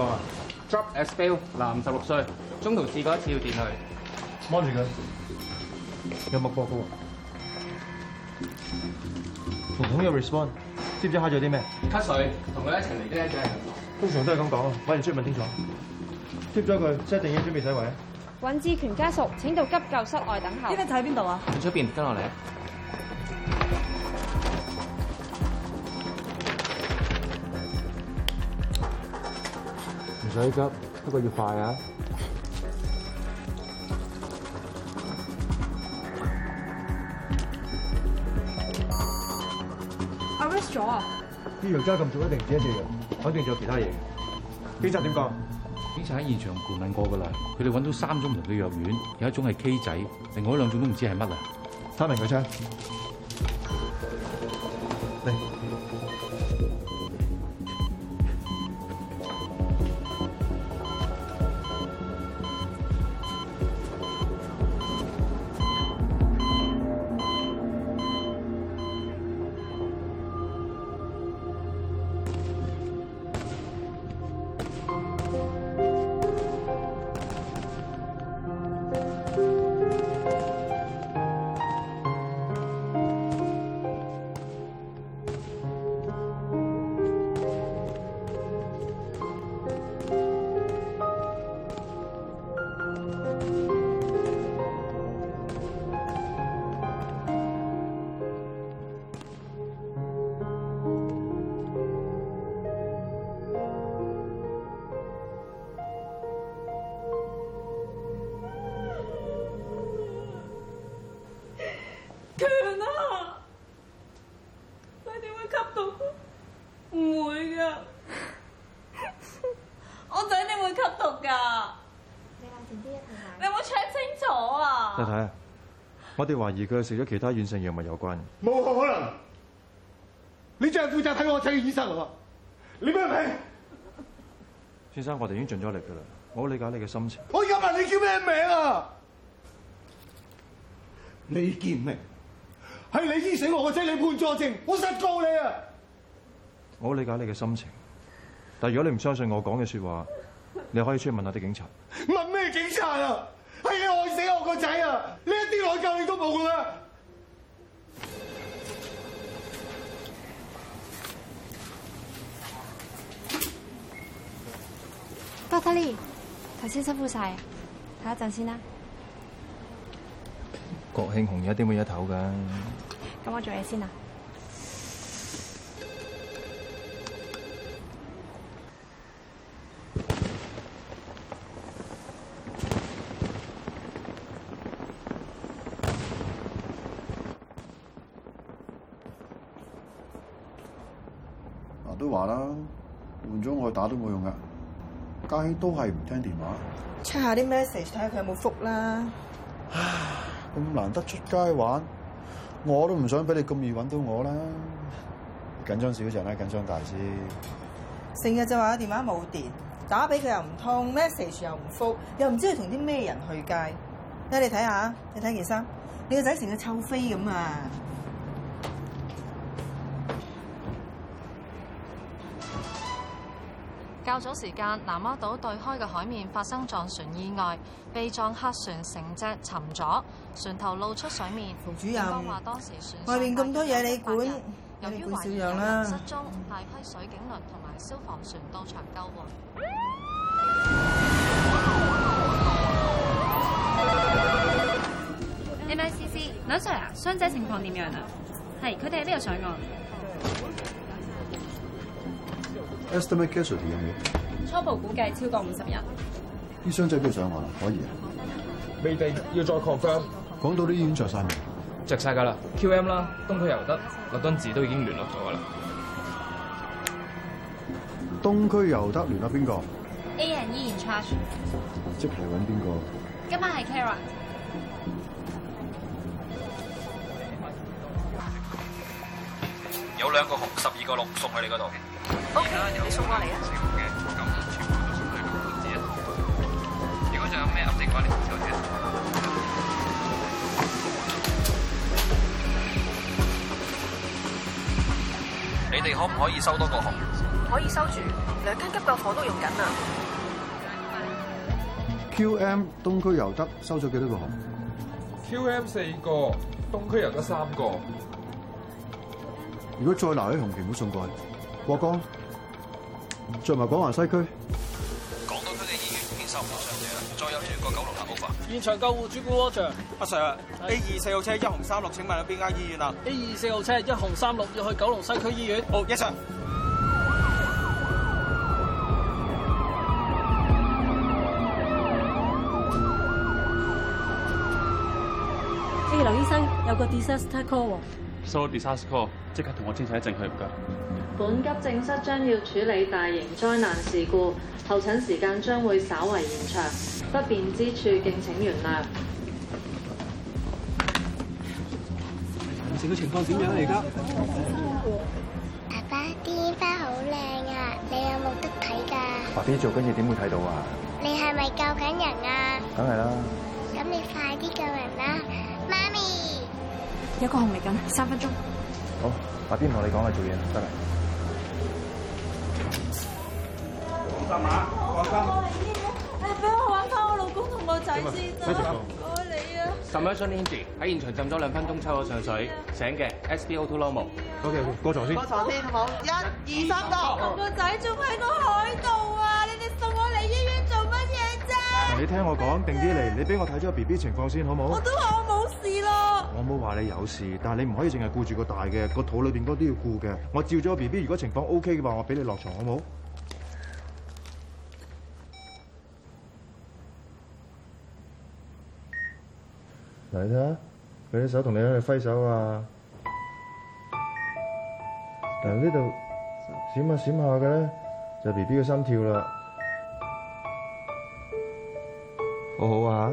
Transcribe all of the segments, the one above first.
啊、Drop a s p e l 男，十六歲，中途試過一次要電佢。m 住佢，有冇脈搏嘅喎。系統有 respond，知唔知開咗啲咩？咳水，同佢一齊嚟嘅呢種人。通常都係咁講啊，揾人出問清楚。接咗佢，即一定要準備洗胃。尹志權家屬，請到急救室外等候。呢度喺邊度啊？喺出邊，跟落嚟。死咗，不過要快啊！arrest 咗啊！呢藥真係咁做，一定唔止一隻藥，肯定仲有其他嘢。警察點講？警察喺現場盤問過㗎啦，佢哋揾到三種唔同嘅藥丸，有一種係 K 仔，另外兩種都唔知係乜啦。三名女槍。喂。我哋懷疑佢係食咗其他軟性藥物有關。冇可能！你淨係負責睇我睇嘅醫生啊！你咩名？先生，我哋已經盡咗力噶啦，我好理解你嘅心情。我而家問你叫咩名啊？李建明，係你醫死我個仔，你判助證，我實告你啊！我好理解你嘅心情，但係如果你唔相信我講嘅説話，你可以出去問下啲警察。問咩警察啊？係你害死我個仔啊！呢一啲內疚你都冇嘅啦。巴特利，頭先辛苦晒，等一陣先啦。國慶紅有一啲會一頭嘅？咁我做嘢先啦。打都冇用噶，家兄都係唔聽電話的。check 下啲 message 睇下佢有冇覆啦。咁難得出街玩，我都唔想俾你咁易揾到我啦。緊張少陣啦，緊張大師。成日就話個電話冇電，打俾佢又唔通，message 又唔覆，又唔知佢同啲咩人去街。睇你睇下，你睇件衫，你個仔成個臭飛咁啊！嗯較早時間，南丫島對開嘅海面發生撞船意外，被撞客船成隻沉咗，船頭露出水面。馮主任話當時船外面咁多嘢你管，管，你管少樣啦。由於懷疑有人失蹤，大批水警輪同埋消防船到場救援。M I C C，梁 Sir 啊，傷者情況點樣啊？係，佢哋喺邊度上岸？嗯 Estimate casualty 有冇？Ty, 嗯、初步估計超過五十人。啲傷者邊個上岸啦？可以啊。未定，要再 confirm。講到啲醫院着晒未？着晒㗎啦。QM 啦，東區尤德、律敦治都已經聯絡咗㗎啦。東區尤德聯啊，邊個？A&E in charge。即係揾邊個？今晚係 Kara 有兩個紅個，十二個綠，送去你嗰度。O K 啦，okay, 1. 你送過嚟啊，咁全部都送你六分之一。如果仲有咩你聽。你哋可唔可以收多個紅？可以收住，兩間急救房都用緊啊。Q M 東區尤德收咗幾多個紅？Q M 四個，東區尤德三個。如果再拿喺紅旗，唔好送過嚟，郭哥。再埋港環西區，港島區嘅醫院已經受唔到傷者啦，再有呢個九龍南部法現場救護主管 Roger，阿 Sir 是 A 二四號車一紅三六，6, 請問有邊間醫院啊？A 二四號車一紅三六要去九龍西區醫院。好，Yes Sir A 劉醫生，有個 disaster call 喎。收到 disaster call，即刻同我清查一陣佢唔該。本急症室將要處理大型災難事故，候診時間將會稍為延長，不便之處敬請原諒。成個情況點樣啊？而家爸爸啲花好靚啊！你有冇得睇㗎？爸爸做緊嘢點會睇到啊？你係咪救緊人啊？梗係啦。咁你快啲救人啦，媽咪。有一個紅嚟緊，三分鐘。好，爸爸唔同你講啊，做嘢得啦。十碼，醫院，啊，哎、啊，俾、啊、我揾翻我老公同我仔先啊！唔該你啊。十一張，Nindy，喺現場浸咗兩分鐘，抽咗上水，啊啊、醒嘅。SBO to normal。駛駛啊啊、OK，過床先。過床先好，好。一二三，個個仔仲喺個海度啊！你哋送我嚟醫院做乜嘢啫？啊、你聽我講，啊、定啲嚟，你俾我睇咗 B B 情況先，好冇？我都好。唔好話你有事，但係你唔可以淨係顧住個大嘅，個肚裏邊嗰啲要顧嘅。我照咗個 B B，如果情況 O K 嘅話，我俾你落床好冇好？嚟啦，佢啲手同你喺度揮手啊！嗱，閃閃閃呢度閃下閃下嘅咧，就 B B 嘅心跳啦。好好啊？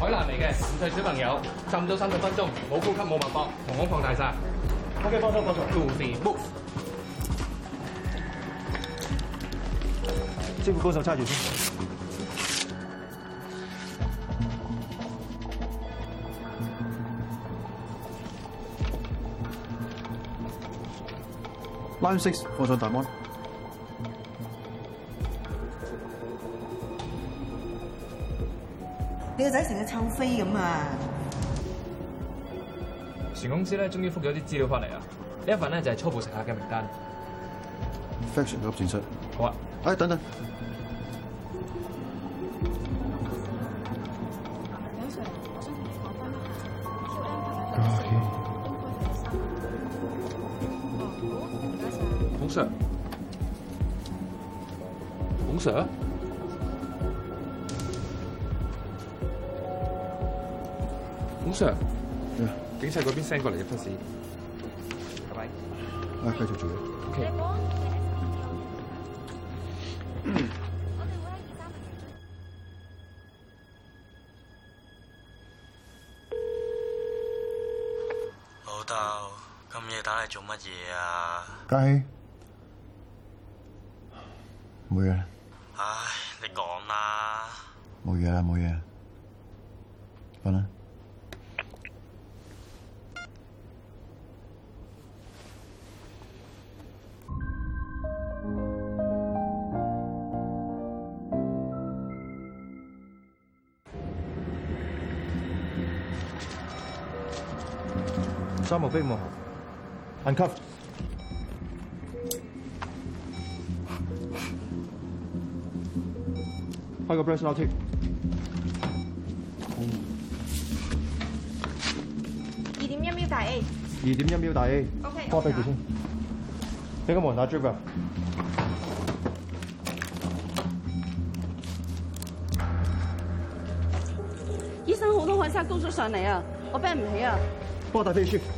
海南嚟嘅五歲小朋友，浸咗三十分鐘，冇呼吸冇脈搏，瞳孔放大晒。OK，幫手，幫手。Do b o o k 支付歌手揸住先。Line the Six，放上大 mon。就等成日臭飛咁啊！船公司咧，終於覆咗啲資料翻嚟啊！呢一份咧就係、是、初步食客嘅名單。Fashion 高級戰好啊！哎，等等。恭喜恭喜！王 sir? 王 sir? Sir, Yeah. 警察嗰邊 send 過嚟一筆事。各位，啊，繼續做。O Okay . K。 老豆，咁夜打嚟做乜嘢啊？家晞，冇嘢。 唉，你講啦。冇嘢啦，冇嘢。好啦。三毛俾我 unlock，開個 pressure lock，二點一秒大 A，二點一秒大 A，掛 Okay, 飛機先，呢個門拿住吧。醫生好多海沙高速上嚟啊，我繃唔起啊，幫我打天線。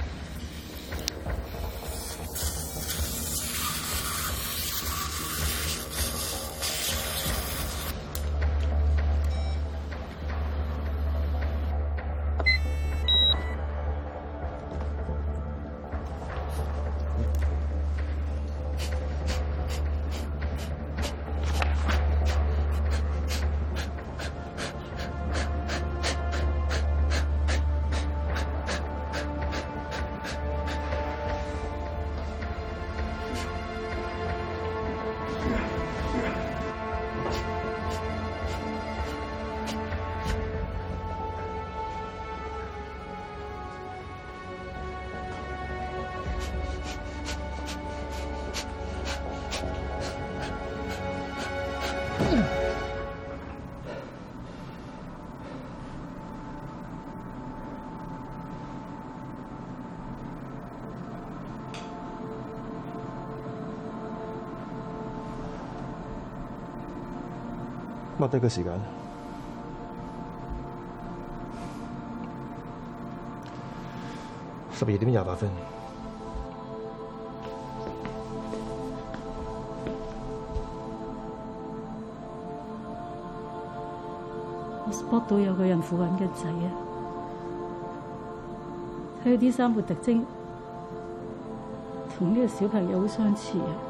擘低個時間，十二點廿八分。我 spot 到有個人扶緊個仔啊，睇佢啲生活特徵同呢個小朋友好相似啊。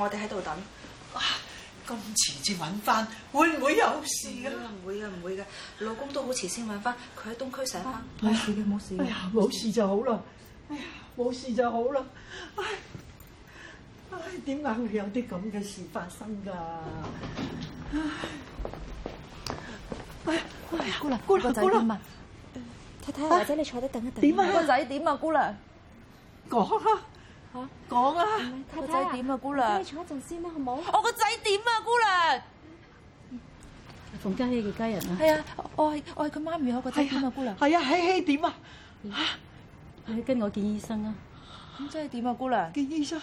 我哋喺度等，哇！咁遲至揾翻，會唔會有事㗎？唔會嘅，唔會嘅，老公都好遲先揾翻，佢喺東區醒翻。冇事嘅，冇事。哎呀，冇事就好啦。哎呀，冇事就好啦。哎，哎，點解會有啲咁嘅事發生㗎？哎，哎，姑娘，姑娘，姑娘，太太，或者你坐低等一等。點啊？個仔點啊？姑娘。講吓。講說啊，啊，個仔點啊，姑娘，你坐一陣先啦，好冇？我個仔點啊，姑娘？馮家希嘅家人啊？係 啊，我係我係佢媽咪啊，個仔點啊，姑娘？係啊，希希點啊？吓，你跟我見醫生啊。咁即係點啊，姑娘？見醫生，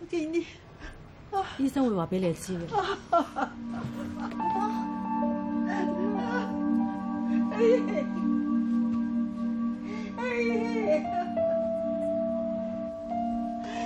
我見醫。啊、醫生會話俾你知嘅。哎。哎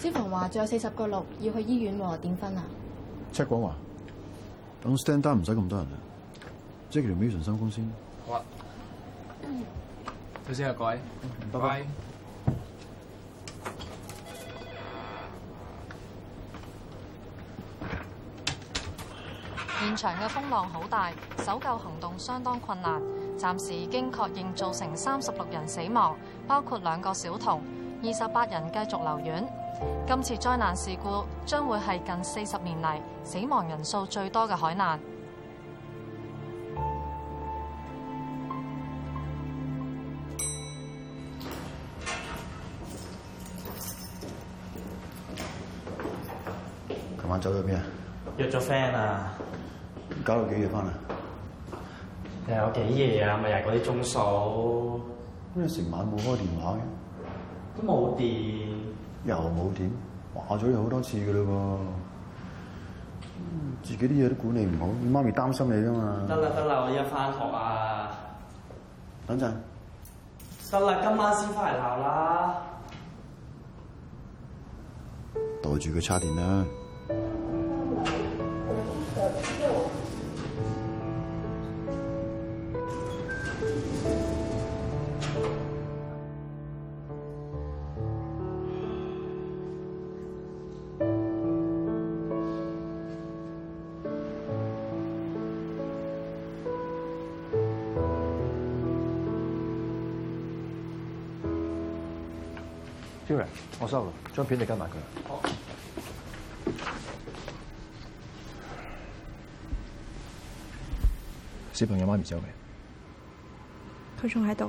消防話仲有四十個六要去醫院，點分啊？赤廣華等 stand down 唔使咁多人啊，Jackie 同 Mason 收工先。好啊，嗯，再見各位，拜拜。拜拜。現場嘅風浪好大，搜救行動相當困難。暫時已經確認造成三十六人死亡，包括兩個小童，二十八人繼續留院。今次災難事故將會係近四十年嚟死亡人數最多嘅海難。琴晚走去邊啊？約咗 friend 啊。搞到幾月翻啊？又有幾夜啊？咪又嗰啲鐘數。咩成晚冇開電話嘅？都冇電。又冇點話咗，有好多次㗎嘞喎！自己啲嘢都管理唔好，媽咪擔心你㗎嘛。得啦得啦，我要一翻學啊！等陣。得啦，今晚先翻嚟鬧啦。袋住佢，叉電啦！Kieran，我收啦，張片你跟埋佢啦。好。小朋友媽咪走未？佢仲喺度。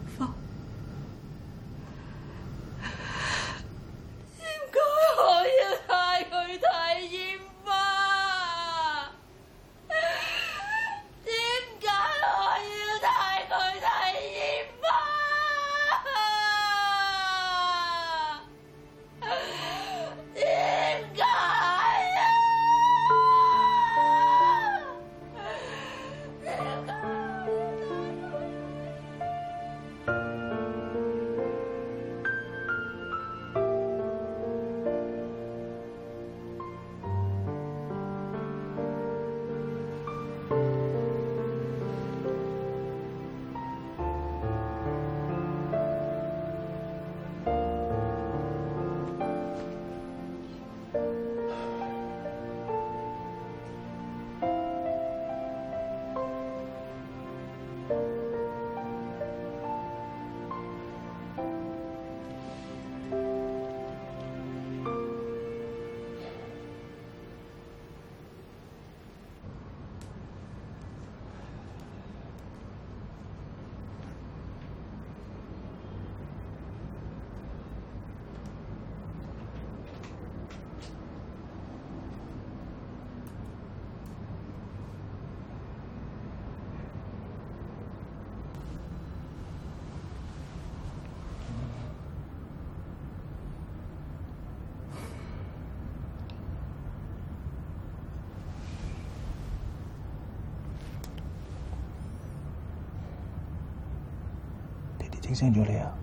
驚醒咗你啊！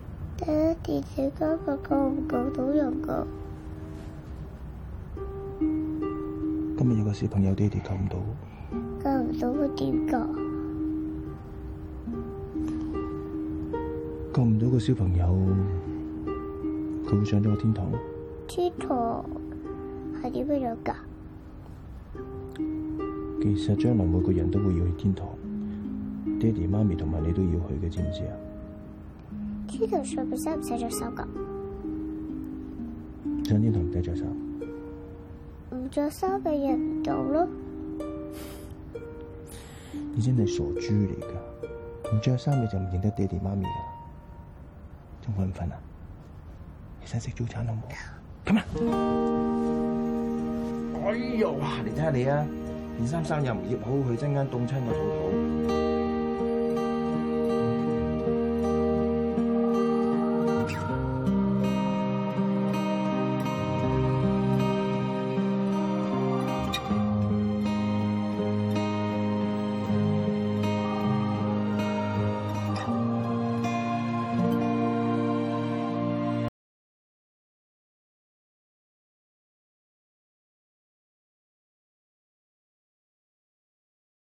爹哋，小哥哥救唔救到人噶？今日有個小朋友，爹哋救唔到。救唔到會點？救唔到個小朋友，佢會上咗個天堂。天堂係點樣噶？其實將來每個人都會要去天堂，爹哋、媽咪同埋你都要去嘅，知唔知啊？呢套上邊衫唔使着衫噶，上天着天同唔使着衫。唔着衫嘅入唔到咯。你真係傻豬嚟噶，唔着衫你就唔認得爹哋媽咪噶。仲瞓唔瞓啊？你想食早餐都冇？咁啊！哎喲哇！你睇下你啊，件衫衫又唔熱好，佢陣間凍親個肚肚。